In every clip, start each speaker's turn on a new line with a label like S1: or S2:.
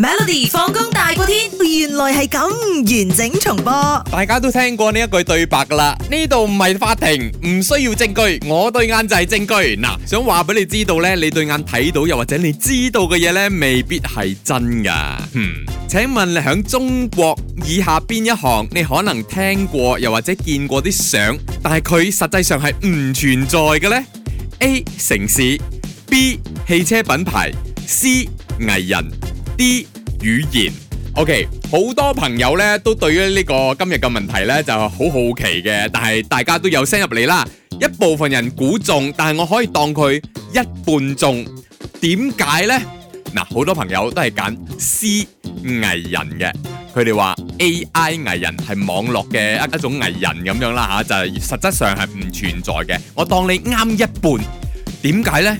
S1: Melody 放工大過天，原來係咁，完整重播。大家都聽過呢一句對白噶啦，呢度唔係法庭，唔需要證據，我對眼就係證據。嗱，想話俾你知道呢，你對眼睇到又或者你知道嘅嘢呢，未必係真噶。嗯，請問你響中國以下邊一行，你可能聽過又或者見過啲相，但係佢實際上係唔存在嘅呢？A. 城市，B. 汽車品牌，C. 藝人，D. 語言，OK，好多朋友咧都對於呢個今日嘅問題咧就好好奇嘅，但係大家都有聲入嚟啦，一部分人估中，但係我可以當佢一半中，點解呢？嗱，好多朋友都係揀 C 藝人嘅，佢哋話 AI 藝人係網絡嘅一一種藝人咁樣啦吓，就係實質上係唔存在嘅，我當你啱一半，點解呢？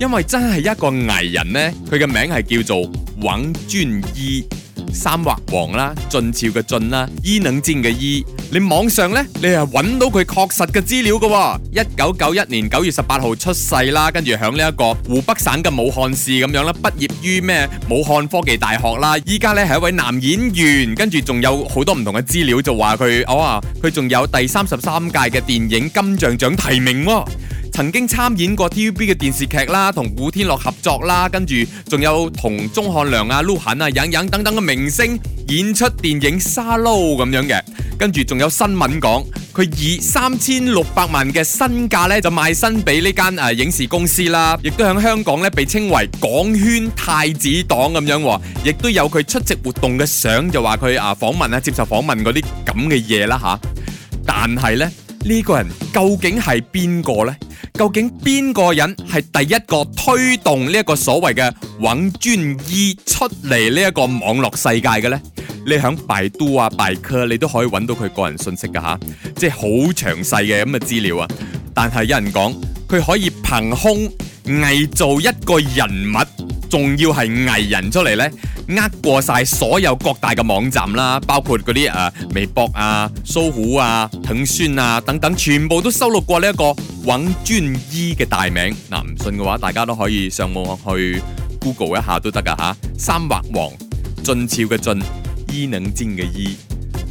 S1: 因為真係一個藝人呢，佢嘅名係叫做。尹尊伊三畫王啦，晉朝嘅晉啦，伊能靜嘅伊，你網上呢，你係搵到佢確實嘅資料噶，一九九一年九月十八號出世啦，跟住響呢一個湖北省嘅武漢市咁樣啦，畢業於咩武漢科技大學啦，依家呢係一位男演員，跟住仲有好多唔同嘅資料就話佢，我話佢仲有第三十三屆嘅電影金像獎提名咯。曾經參演過 TVB 嘅電視劇啦，同古天樂合作啦，跟住仲有同鍾漢良啊、鹿晗啊、癮癮等等等等嘅明星演出電影《沙漏》咁樣嘅，跟住仲有新聞講佢以三千六百萬嘅身價咧就賣身俾呢間誒影視公司啦，亦都響香港咧被稱為港圈太子黨咁樣，亦都有佢出席活動嘅相，就話佢啊訪問啊接受訪問嗰啲咁嘅嘢啦吓，但係呢，呢、呢個人究竟係邊個呢？究竟邊個人係第一個推動呢個所謂嘅揾專醫出嚟呢個網絡世界嘅呢？你響百度啊、百科啊，你都可以揾到佢個人信息㗎吓，即係好詳細嘅噉嘅資料啊。但係有人講，佢可以憑空偽造一個人物。仲要係藝人出嚟呢，呃，過晒所有各大嘅網站啦，包括嗰啲啊微博啊、搜狐啊、騰訊啊等等，全部都收錄過呢一個王俊伊嘅大名。嗱、啊，唔信嘅話，大家都可以上網去 Google 一下都得噶吓。三畫王，俊俏嘅俊、伊能靜嘅伊。